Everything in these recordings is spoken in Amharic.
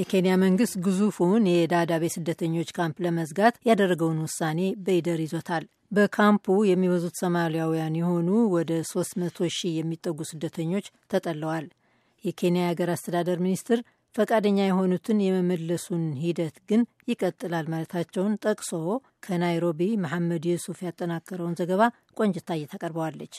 የኬንያ መንግስት ግዙፉን የዳዳቤ ስደተኞች ካምፕ ለመዝጋት ያደረገውን ውሳኔ በይደር ይዞታል። በካምፑ የሚበዙት ሶማሊያውያን የሆኑ ወደ 300 ሺህ የሚጠጉ ስደተኞች ተጠለዋል። የኬንያ የሀገር አስተዳደር ሚኒስትር ፈቃደኛ የሆኑትን የመመለሱን ሂደት ግን ይቀጥላል ማለታቸውን ጠቅሶ ከናይሮቢ መሐመድ ዩሱፍ ያጠናከረውን ዘገባ ቆንጅታ እየተቀርበዋለች።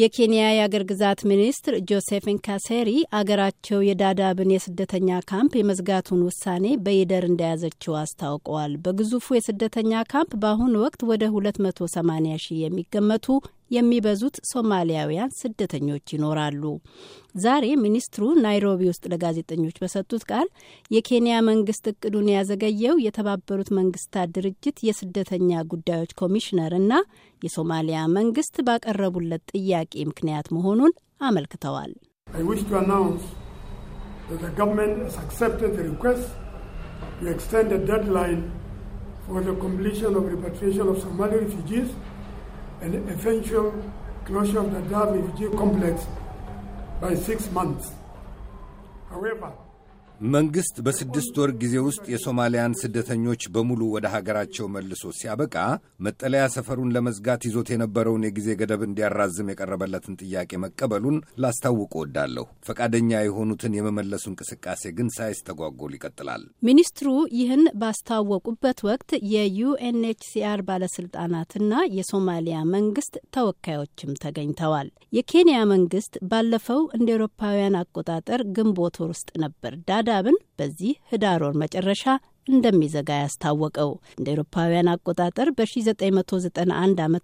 የኬንያ የአገር ግዛት ሚኒስትር ጆሴፍን ካሴሪ አገራቸው የዳዳብን የስደተኛ ካምፕ የመዝጋቱን ውሳኔ በይደር እንደያዘችው አስታውቀዋል። በግዙፉ የስደተኛ ካምፕ በአሁኑ ወቅት ወደ 280 ሺህ የሚገመቱ የሚበዙት ሶማሊያውያን ስደተኞች ይኖራሉ። ዛሬ ሚኒስትሩ ናይሮቢ ውስጥ ለጋዜጠኞች በሰጡት ቃል የኬንያ መንግስት እቅዱን ያዘገየው የተባበሩት መንግስታት ድርጅት የስደተኛ ጉዳዮች ኮሚሽነር እና የሶማሊያ መንግስት ባቀረቡለት ጥያቄ ምክንያት መሆኑን አመልክተዋል። ሪኩዌስት an eventual closure of the Dar complex by six months. However, መንግሥት በስድስት ወር ጊዜ ውስጥ የሶማሊያን ስደተኞች በሙሉ ወደ ሀገራቸው መልሶ ሲያበቃ መጠለያ ሰፈሩን ለመዝጋት ይዞት የነበረውን የጊዜ ገደብ እንዲያራዝም የቀረበለትን ጥያቄ መቀበሉን ላስታውቅ እወዳለሁ። ፈቃደኛ የሆኑትን የመመለሱ እንቅስቃሴ ግን ሳይስተጓጎል ይቀጥላል። ሚኒስትሩ ይህን ባስታወቁበት ወቅት የዩኤንኤችሲአር ባለስልጣናትና የሶማሊያ መንግስት ተወካዮችም ተገኝተዋል። የኬንያ መንግስት ባለፈው እንደ ኤሮፓውያን አቆጣጠር ግንቦት ውስጥ ነበር ምዳብን በዚህ ህዳር ወር መጨረሻ እንደሚዘጋ ያስታወቀው እንደ ኤሮፓውያን አቆጣጠር በ1991 ዓ ም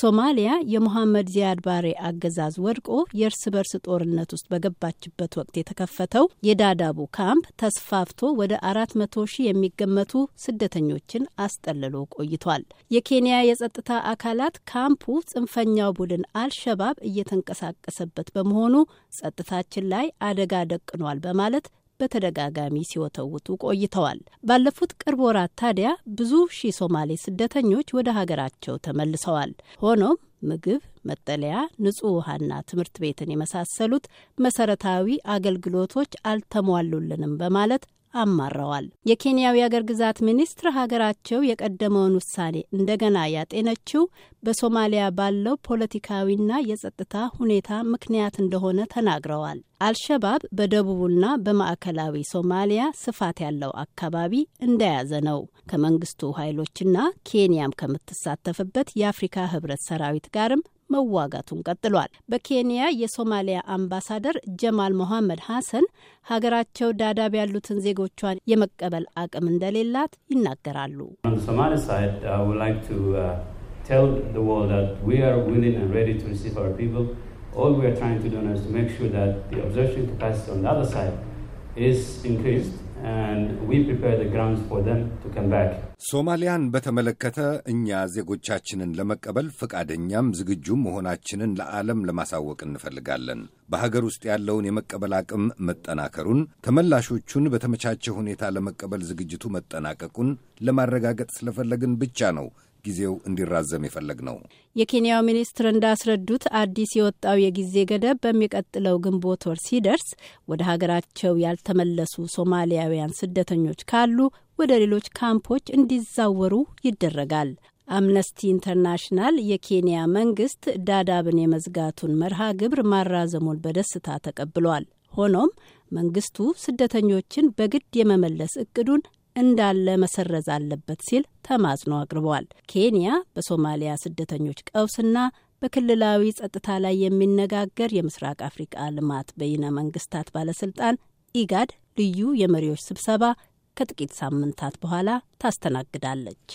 ሶማሊያ የሞሐመድ ዚያድ ባሬ አገዛዝ ወድቆ የእርስ በርስ ጦርነት ውስጥ በገባችበት ወቅት የተከፈተው የዳዳቡ ካምፕ ተስፋፍቶ ወደ 400 ሺህ የሚገመቱ ስደተኞችን አስጠልሎ ቆይቷል። የኬንያ የጸጥታ አካላት ካምፑ ጽንፈኛው ቡድን አልሸባብ እየተንቀሳቀሰበት በመሆኑ ጸጥታችን ላይ አደጋ ደቅኗል በማለት በተደጋጋሚ ሲወተውቱ ቆይተዋል። ባለፉት ቅርብ ወራት ታዲያ ብዙ ሺህ ሶማሌ ስደተኞች ወደ ሀገራቸው ተመልሰዋል። ሆኖም ምግብ፣ መጠለያ፣ ንጹህ ውሃና ትምህርት ቤትን የመሳሰሉት መሰረታዊ አገልግሎቶች አልተሟሉልንም በማለት አማረዋል። የኬንያው የአገር ግዛት ሚኒስትር ሀገራቸው የቀደመውን ውሳኔ እንደገና ያጤነችው በሶማሊያ ባለው ፖለቲካዊና የጸጥታ ሁኔታ ምክንያት እንደሆነ ተናግረዋል። አልሸባብ በደቡቡና በማዕከላዊ ሶማሊያ ስፋት ያለው አካባቢ እንደያዘ ነው። ከመንግስቱ ኃይሎችና ኬንያም ከምትሳተፍበት የአፍሪካ ህብረት ሰራዊት ጋርም መዋጋቱን ቀጥሏል። በኬንያ የሶማሊያ አምባሳደር ጀማል ሞሐመድ ሐሰን ሀገራቸው ዳዳብ ያሉትን ዜጎቿን የመቀበል አቅም እንደሌላት ይናገራሉ። All we are trying to do now is to make sure that the absorption capacity on the other side is increased. ሶማሊያን በተመለከተ እኛ ዜጎቻችንን ለመቀበል ፈቃደኛም ዝግጁም መሆናችንን ለዓለም ለማሳወቅ እንፈልጋለን። በሀገር ውስጥ ያለውን የመቀበል አቅም መጠናከሩን፣ ተመላሾቹን በተመቻቸ ሁኔታ ለመቀበል ዝግጅቱ መጠናቀቁን ለማረጋገጥ ስለፈለግን ብቻ ነው ጊዜው እንዲራዘም የፈለግ ነው። የኬንያው ሚኒስትር እንዳስረዱት አዲስ የወጣው የጊዜ ገደብ በሚቀጥለው ግንቦት ወር ሲደርስ ወደ ሀገራቸው ያልተመለሱ ሶማሊያውያን ስደተኞች ካሉ ወደ ሌሎች ካምፖች እንዲዛወሩ ይደረጋል። አምነስቲ ኢንተርናሽናል የኬንያ መንግስት ዳዳብን የመዝጋቱን መርሃ ግብር ማራዘሙን በደስታ ተቀብሏል። ሆኖም መንግስቱ ስደተኞችን በግድ የመመለስ እቅዱን እንዳለ መሰረዝ አለበት ሲል ተማጽኖ አቅርበዋል። ኬንያ በሶማሊያ ስደተኞች ቀውስና በክልላዊ ጸጥታ ላይ የሚነጋገር የምስራቅ አፍሪቃ ልማት በይነ መንግስታት ባለስልጣን ኢጋድ ልዩ የመሪዎች ስብሰባ ከጥቂት ሳምንታት በኋላ ታስተናግዳለች።